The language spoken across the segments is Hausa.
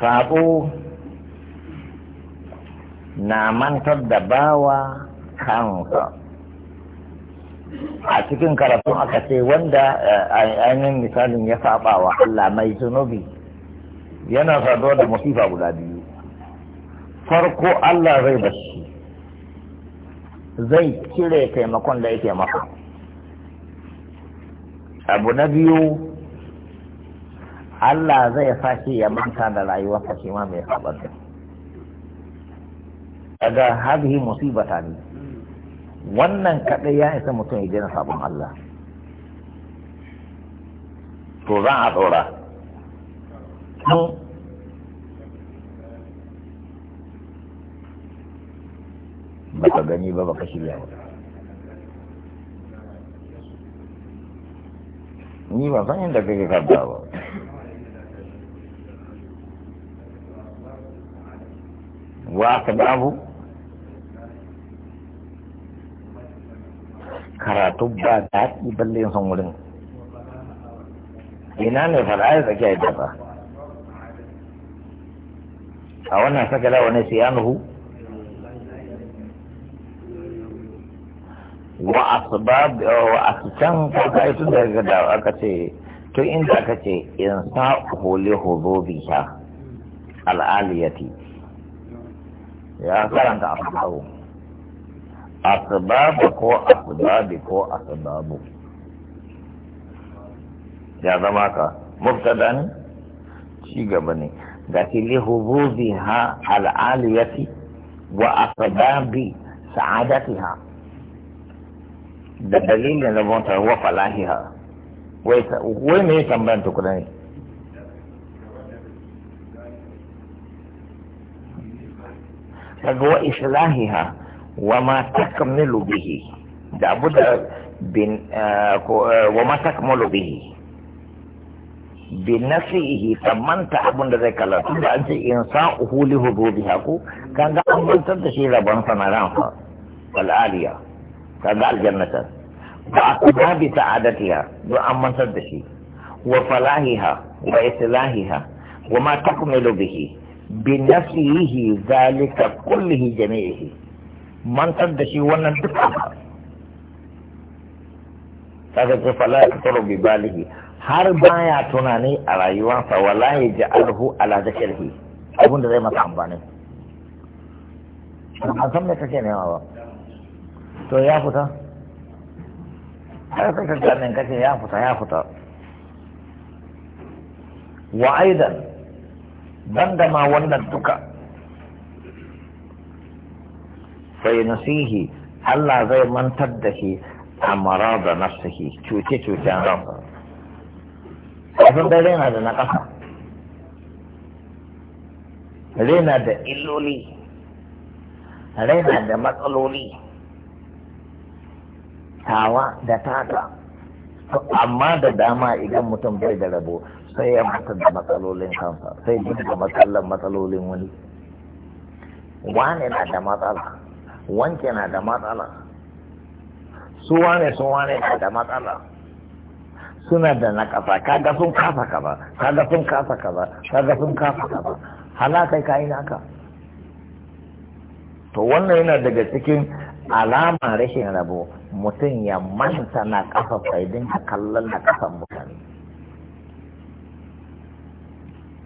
Saɓo na mantar da bawa kansa a cikin karatun aka ce wanda eh, ainihin misalin ya saba wa Allah mai zunubi yana sado da musifa guda biyu farko Allah zai bashi zai cire taimakon da yake maka abu na biyu Allah zai sa ya manta da rayuwarsa shi ma mai sabar da daga hadhihi musibata ne wannan kadai ya isa mutum ya daina sabon Allah to za a tsora ka gani ba baka shirya ba ni ba san inda kake karba ba wa abu? karatu ba daɗi balle yin son wurin ina ne fara ya tsakiya ya ba a wannan sakala wani siyanuhu wa asbab eh, wa can ko kai tun daga da aka ce tun inda aka ce in sa huli sha al'aliyati ya karanta a sababu ko sababu ko sababu ya zama ka mubtada ci gaba ne ga tili hubuzi ha al'aliyati wa asbabi sa'adatiha da dalilin rabonta wa falahiha wai me tambayar tukuna ne kaga wa islahiha wa ma takmilu bihi da abu da bin eh, eh, wa ma takmilu bihi bin nasihi tamanta abun da zai kala tun da an ce in sa uhuli bi haku kaga an mantar da shi rabon sanaran fa al'aliya kaga aljannata ba a kuma bi ta'adatiha don an mantar da shi wa falahiha wa islahiha wa ma takmilu bihi بنفسه ذلك كله جميعه من تدشي ونن تفعل kaga ce fala ya tsoro bi balihi har baya tunani a rayuwarsa wala ya ji alhu ala zakirhi abin da zai masa amfani an san me kake nema ba to ya fita har sai ka ganin kace ya fita ya fita wa aidan ban da ma wannan duka sai nasihi Allah zai mantar da shi marar da nafsihi cuce-cucen ransa kafin dai yana da na ƙasa rena da illoli rena da matsaloli tawa da taka amma da dama idan mutum bai da rabo sai ya mutu da matsalolin kansa sai da matsalar matsalolin wani wane na da matsala wanke na da matsala su wane sun wane na da matsala suna da na kafa kaga sun kafa kaza kaga sun kafa kaza kaga sun kafa kaza hala kai ka yi naka to wannan yana daga cikin alama rashin rabo mutum ya manta na kafa sai dinga kallon na ƙasan mutane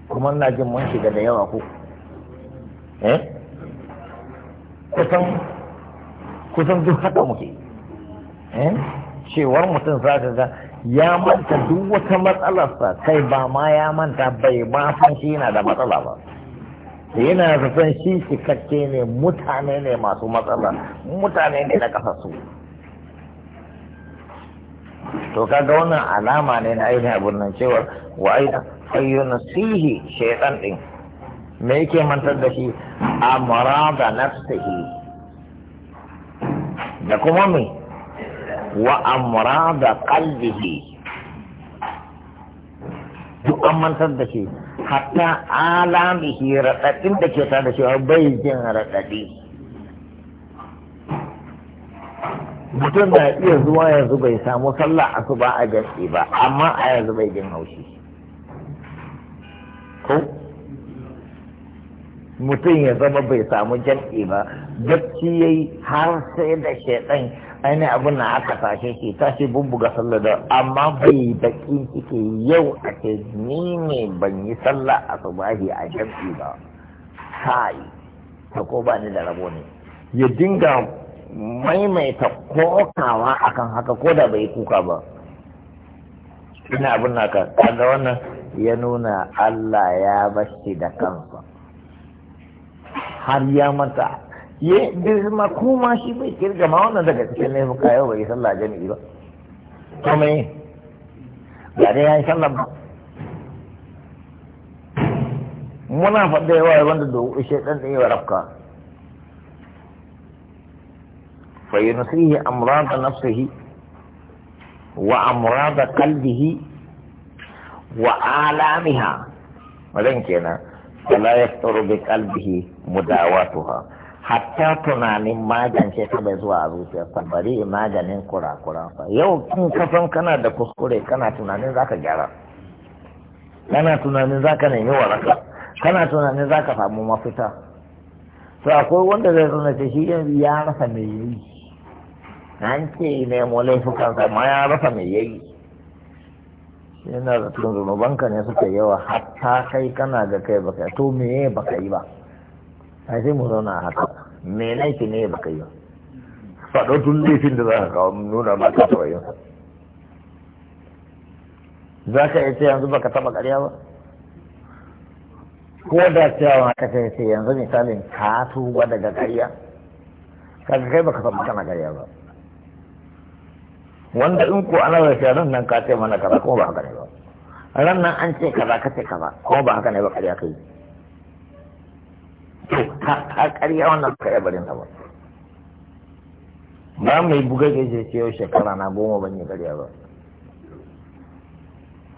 kuma na jin mun shiga da yawa ko eh kusan kusan duk haka muke eh cewar mutum za ka ga ya manta duk wata matsalarsa kai ba ma ya manta bai ma san shi yana da matsala ba yana san shi cikakke ne mutane ne masu matsala mutane ne na kasa su to kaga wannan alama ne na ainihin abin nan cewa wa aina ayyuna sihi shaytan din me yake mantar da shi amara da nafsihi da kuma me wa amara da qalbihi duk an mantar da shi hatta alamihi radadin da ke tada shi bai jin raɗaɗi mutum na iya zuwa yanzu bai samu sallah asuba a gaske ba amma a yanzu bai jin haushi mutum ya zama bai samu jam'i ba gabci ya yi har sai da shaidan aini abin na aka tashe shi tashi bumbuga sallah da amma bai baki suke yau a ce ni ne ban yi sallah a subahi a jam'i ba kai ta ko ba ni da rabo ne ya dinga maimaita kokawa akan haka ko da bai kuka ba ina abin ka kaga wannan ya nuna Allah ya bashi da kansa har ya mata ya bisma kuma shi bai kirga ma wannan daga cikin ne muka yau bai sallah jami'i ba to me ya dai an sallah ba muna faɗa yawa wanda da shaidan ɗin yawa rafka fa yunsihi amrada nafsihi wa amrada qalbihi wa alamiha wadan kenan wala yasturu bi qalbihi mudawatuha hatta tunanin magance ta bai zuwa a zuciyarsa bari maganin kurakuransa yau kin kasan kana da kuskure kana tunanin zaka gyara kana tunanin zaka nemi waraka kana tunanin zaka samu mafita to akwai wanda zai zo na ce shi yanzu ya rasa mai yayi an ce nemo laifukansa ma ya rasa mai yayi yana da tun zunubanka ne suka yawa hatta kai kana ga kai baka to me baka yi ba a sai mu zauna a haka me laifi ne baka yi ba faɗo tun laifin da za ka kawo nuna ba ka taɓa yin za ka yi ce yanzu baka taɓa ƙarya ba ko da cewa ka ce ce yanzu misalin ka tuba daga ƙarya kaga kai baka taɓa kana ƙarya ba wanda in ko ana da shi nan ka ce mana kaza ko ba haka ne ba ran nan an ce kaza ka ce kaza kuma ba haka ne ba ƙarya kai ka ƙarya wannan ka iya barin ba ba mai buga ke ce ce yau shekara na goma ban yi ƙarya ba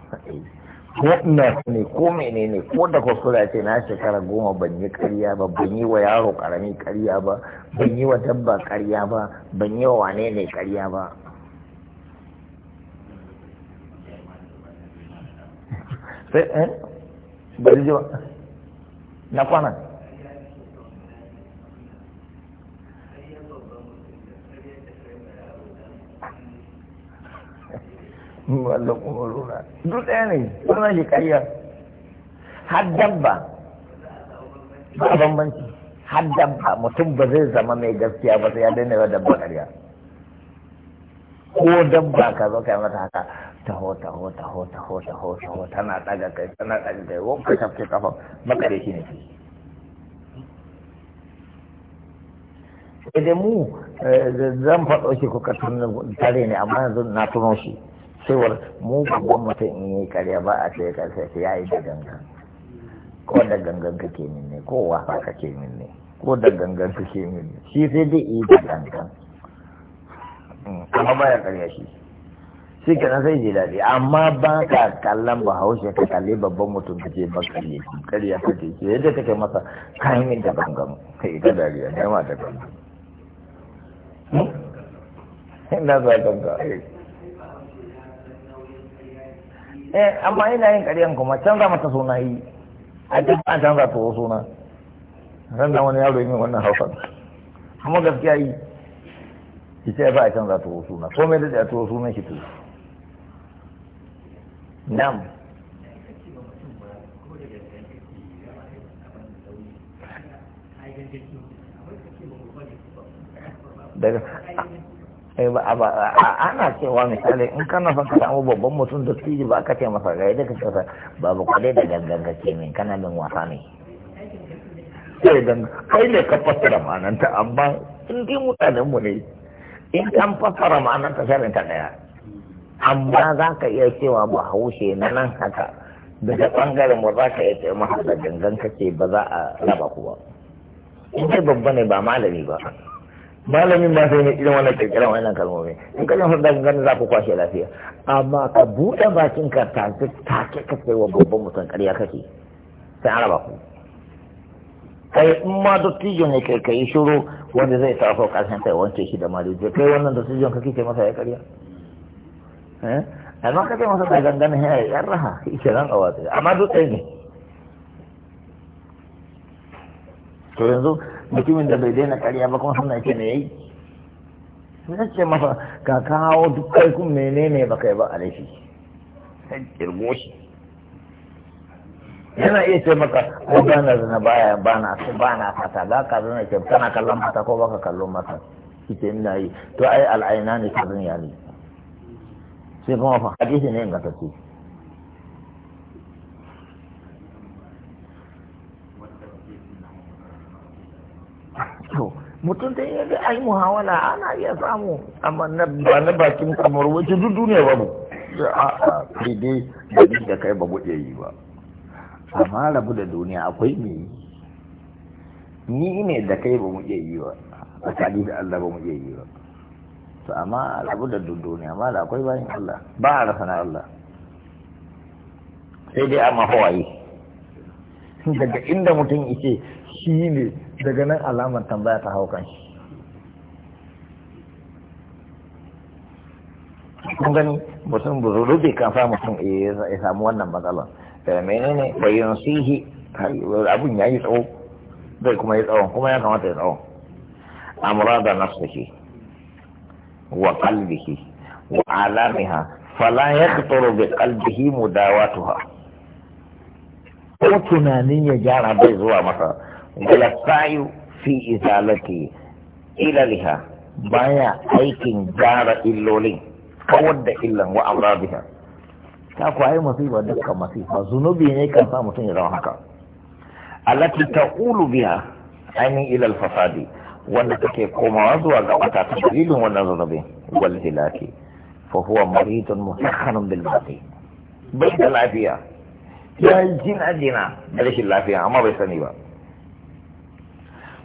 ko ina ne ko ne ko da kuskura ce na shekara goma ban yi ƙarya ba ban yi wa yaro ƙarami ƙarya ba ban yi wa dabba ƙarya ba ban yi wa wane ne ƙarya ba sai eh bari ji ba na kwanan wallan umaruna duk ɗaya ne suna shi ƙarya har dabba ba bambanci har dabba mutum ba zai zama mai gaskiya ba sai ya daina wa dabba ƙarya ko dabba ka zo kai mata haka taho taho taho taho taho taho tana daga kai tana daga kai wani ka tafke kafa makare shi ne sai dai mu eh, zan faɗo shi kuka tunan tare ne amma yanzu na tuno shi war mu babban mutum in yi karya ba a ce ka sai ya yi da gangan ko da gangan kake min ne ko ka kake min ne ko da gangan kake min ne shi sai dai yi da gangan amma baya karya shi shi kana sai ji daɗi amma ba ka kallon bahaushe ka kalli babban mutum ka ce ba kalli karya ka ce shi yadda take masa kayan yin da bangamu kai ta dariya ne ma ta kallon hmm? ina za ka ga eh amma ina yin karyan kuma canza mata suna yi a duk an canza ta suna ran da wani yaro yin wannan hausa kuma gaskiya yi shi ce ba a canza tuwo suna komai da a tuwo suna ki tuwo nam daga ana cewa misali in kana son ka samu babban mutum da tiji ba ka ce masa ga da ka ce babu kwade da gangan ka ce min kana min wasa ne sai dan kai ne ka fassara ma'ananta amma in dai mutanen mu ne in an fassara ma'anar ta sharin ta daya amma za ka iya cewa ba haushe na nan haka daga bangaren ba za ka iya cewa masa da gangan kake ba za a raba ku ba in kai babba ne ba malami ba malamin ba sai ne irin wannan kirkiran wannan kalmomi in ka jin da gangan za ku kwashe lafiya amma ka buɗe bakin ka ta ta ka sai wa babban mutum ƙarya kake sai an raba ku kai in ma dattijo ne kai kai shiru wanda zai taso karshen kai wanke shi da je kai wannan dattijon kake eh? ce masa ya kariya eh amma kake masa da gangan ya yar raha shi ran awatsi amma dutse ne to yanzu mutumin da bai daina kariya ba kuma sannan ce ne yayi sai ce masa ka kawo duk kai kun menene ba kai ba alaishi sai kirgo shi yana iya ce maka ko bana zina baya bana su bana fata za ka zina ce kana kallon mata ko baka kallon mata ita ina yi to ai al'aina ne ta zina ne sai kuma fa hadisi ne ga ce. mutum da ya ga ai muhawala ana iya samu amma na ba na bakin kamar wajen duk duniya babu a a daidai da kai ba buɗe yi ba amma rabu da duniya akwai ne ni ne da kai ba mu iya yi ba tsari da Allah ba mu iya yi ba to amma rabu da duniya amma da akwai bayan Allah ba a rasa na Allah sai dai amma hawaye daga inda mutum yake shi ne daga nan alamar tambaya ta hau kan shi kun gani mutum buzuru bai kan sa mutum eh, ya samu wannan matsalar menene bayan sihi abun ya yi tsawo zai kuma yi tsawon kuma ya kamata ya tsawon amura da nafsihi wa qalbihi wa alamiha fala yaqtaru bi qalbihi mudawatuha ko tunanin ya gyara bai zuwa masa wala sayu fi izalati ilaliha baya aikin gyara illolin kawar da illan wa amradiha ta kwaye masifa dukkan masifa zunubi ne kan sa mutum ya zama haka allati taqulu biha ainihin ilal fasadi wanda take komawa zuwa ga wata ta dalilin wannan zunubi wal hilaki fa huwa maridun musakhanun bil mati bai da lafiya ya jin jina da rashin lafiya amma bai sani ba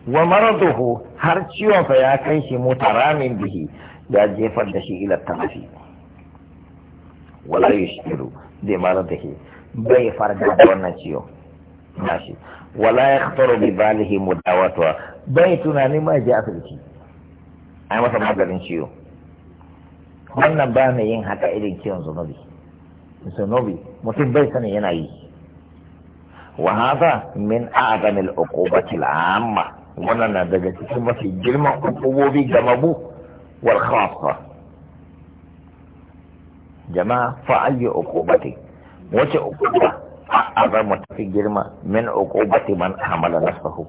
wa maraduhu har ciwon fa ya kai shi mutaramin bihi ya jefar da shi ila tafi. wala yushiru ta ke, bai fara da wannan ciwo nashi wala yakhtaru bi balihi mudawatuha bai tunanin ma ji asibiti yi masa maganin ciwo wannan ba mai yin haka irin ciwon zunubi zunubi mutum bai sanin yana yi wa haza min a'zami al-uqubati al-amma wannan na daga cikin mafi girman ukubobi ga mabu wal khassa jama'a fa ayyu uqubati wace uquba mu tafi girma min uqubati man hamala nafsahu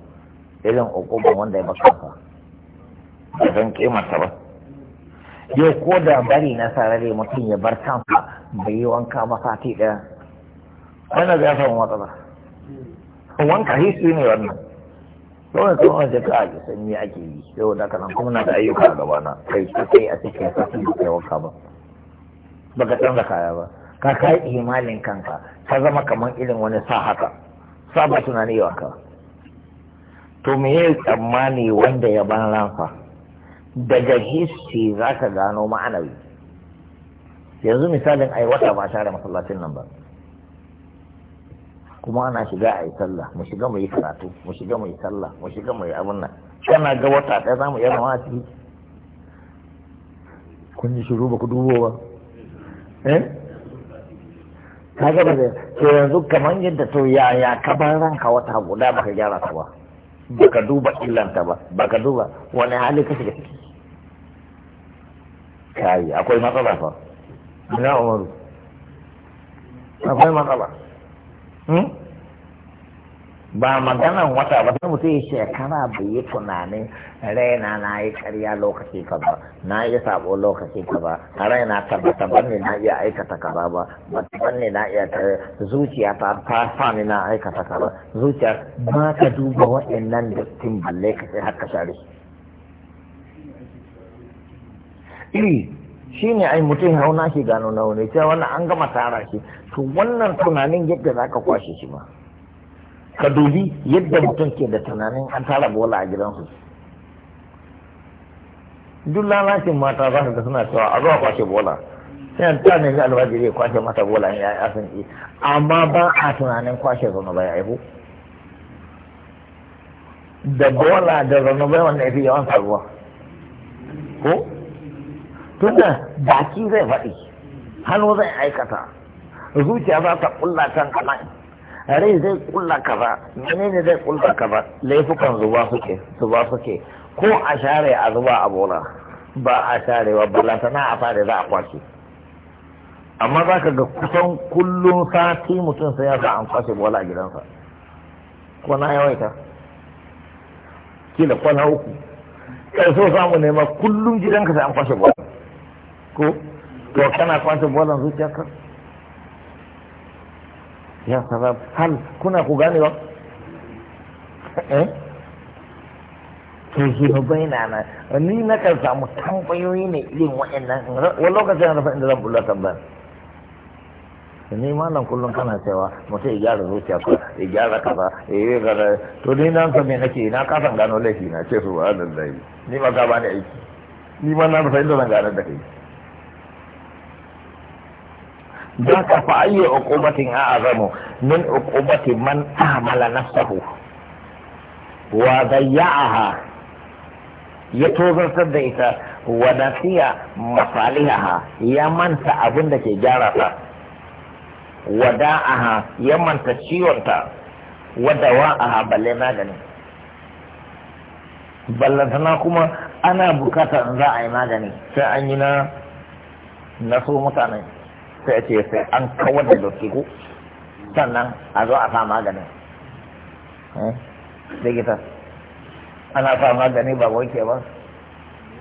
irin uquba wanda ya baka ba zan kimanta ba yau ko da bari na sarare mutum ya bar kansa bai yi wanka ba sati ɗaya wanda zai samu matsala wanka history ne wannan kawai kuma wani ka ake sanyi ake yi yau da kanan kuma na da ayyuka a gabana kai sai a cikin sati da kai wanka ba baka canza kaya ba ka kai imalin kanka ka zama kamar irin wani sa haka sa ba tunani wa ka to me ya tsammani wanda ya ban ranfa daga hissi za ka gano ma'anawi yanzu misalin ai wata ba share masallacin nan ba kuma ana shiga a yi sallah mu shiga mu yi karatu mu shiga mu yi sallah mu shiga mu yi abin nan kana ga wata ɗaya za mu iya zama a ciki kun yi shiru ba ku dubo ba Eh? ka gaba da to yanzu kamar yadda to yaya ka bar ranka wata guda baka gyara ta ba baka duba illanta ba baka duba wani hali ka shiga ciki kai akwai matsala fa ina umaru akwai matsala hmm? ba maganan wata ba sai mutum ya shekara bai yi tunanin raina na yi karya lokaci ka ba na yi sabo lokaci ka ba raina ta ba ta banne na iya aikata ka ba ba ta banne na iya ta zuciya ta ta sani na aikata ka ba zuciya ba ka duba waɗannan dattin balle ka sai haka share iri shi ne ai mutum hauna shi gano na wani cewa wannan an gama tara shi to wannan tunanin yadda za ka kwashe shi ba. ka dubi yadda mutum ke da tunanin an tara bola a gidansu duk lalacin mata za su ga suna cewa a zuwa kwashe bola sai an tara ne alwaji zai kwashe mata bola ya yi asin yi amma ba a tunanin kwashe zaune ya haihu? da bola da zaune bai wanda ya fi yawan faruwa ko tunda baki zai faɗi hannu zai aikata zuciya za ta ƙulla can kanan rai zai kulla kaza menene zai kulla kaza laifukan zuba suke zuba suke ko a share a zuba a bola ba a sharewa ballantana a fare za a kwashe amma za ka ga kusan kullum sati mutum sai ya sa an kwashe bola a gidansa ko na yawaita kila kwana uku kai so samu nema kullum gidanka sai an kwashe bola ko to kana kwashe bolan zuciyarka ya sabab hal kuna ku gane ba eh ke ba bai na ni na kan samu tambayoyi ne irin wa'annan wani lokacin na inda zan bulla tambayar ni malam kullum kana cewa mutum ya gyara zuciya ko ya gyara kafa, ya yi gara to ni nan ka me nake na kasan gano laifi na ce su ba ni ma ka bani aiki ni ma na inda zan gane da kai don ka fa ayi uqubatin a'azamu min uqubati man amala nafsahu wa dayya'aha ya tozan sar da ita wa nasiya masalihaha ya manta abin da ke gyara ta wa da'aha ya manta ciwon ta wa dawa'aha balle magani ballantana kuma ana bukata in za a yi magani sai an yi na na mutane sai ce sai an kawar da lokiku. sannan a zo a sa maganin eh, likita ana sa magani ba wanke ba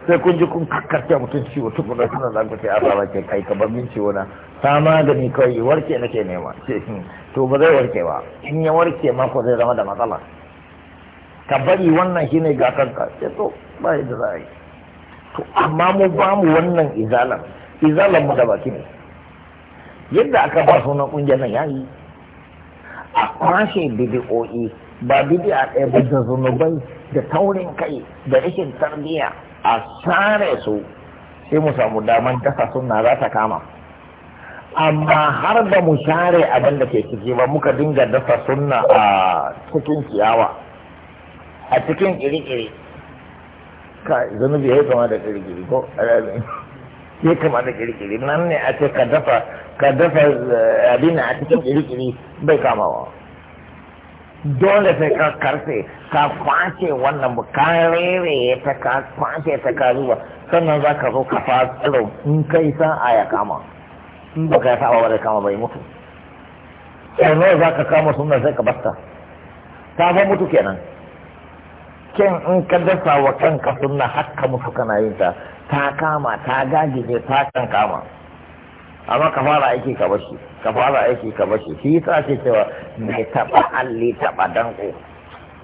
sai kun ji kun kakkarce mutum ciwo tukun da suna zaku ce a sa ke kai ka min ciwo na sa magani kawai warke na ke nema to ba zai warke ba in ya warke ma ko zai zama da matsala ka bari wannan shi ga kanka sai to ba yadda za a yi to amma mu ba mu wannan izalan izalan mu da baki ne yadda aka ba sunan ƙungiyar nan yayi a kwashe bidi'o'i ba bidi'a ɗaya ba da zunubai da taurin kai da rashin tarbiyya a sare su sai mu samu daman dasa suna za ta kama amma har da mu share abin da ke ciki ba muka dinga dasa sunna a cikin ciyawa a cikin kiri-kiri ka zunubi ya yi kama da kiri-kiri ko ka kamata kirkiri nan ne a ce ka dafa ka dafa eh, abin a cikin kirkiri bai kamawa dole sai ka karfe ka kwace wannan ka rere ta ka kwace ta ka zuba sannan za ka zo ka tsaro. in kai kama in ba ka saba ba da kama bai mutu sai za ka kama sunan sai ka basta ta mutu kenan ken in ka dafa wa kanka sunna haka musu kana yin ta ta kama ta gagije ta kan kama amma ka fara aiki ka bashi ka fara aiki ka bashi shi yasa ce cewa mai taba alli taba danko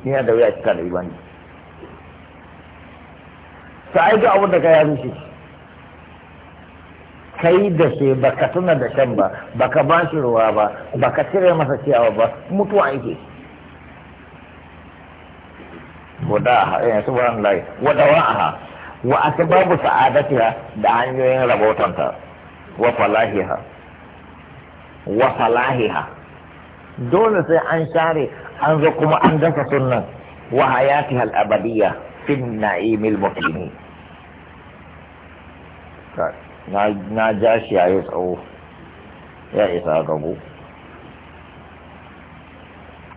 ina da wuya cika da ibani sa aiki abin da ka ya rushe kai da shi baka tuna da shan ba baka ba shi ruwa ba baka cire masa ciyawa ba mutuwa yake shi gudaha eh subhanallahi wa sa'adati wa asbabu sa'adatiha da hanyoyin rabotanta wa falahiha wa falahiha dole sai an share an zo kuma an dafa sunnan wa hayatiha al-abadiyya fi na'imil muqimi na na jashi yayi tsawo ya isa gabu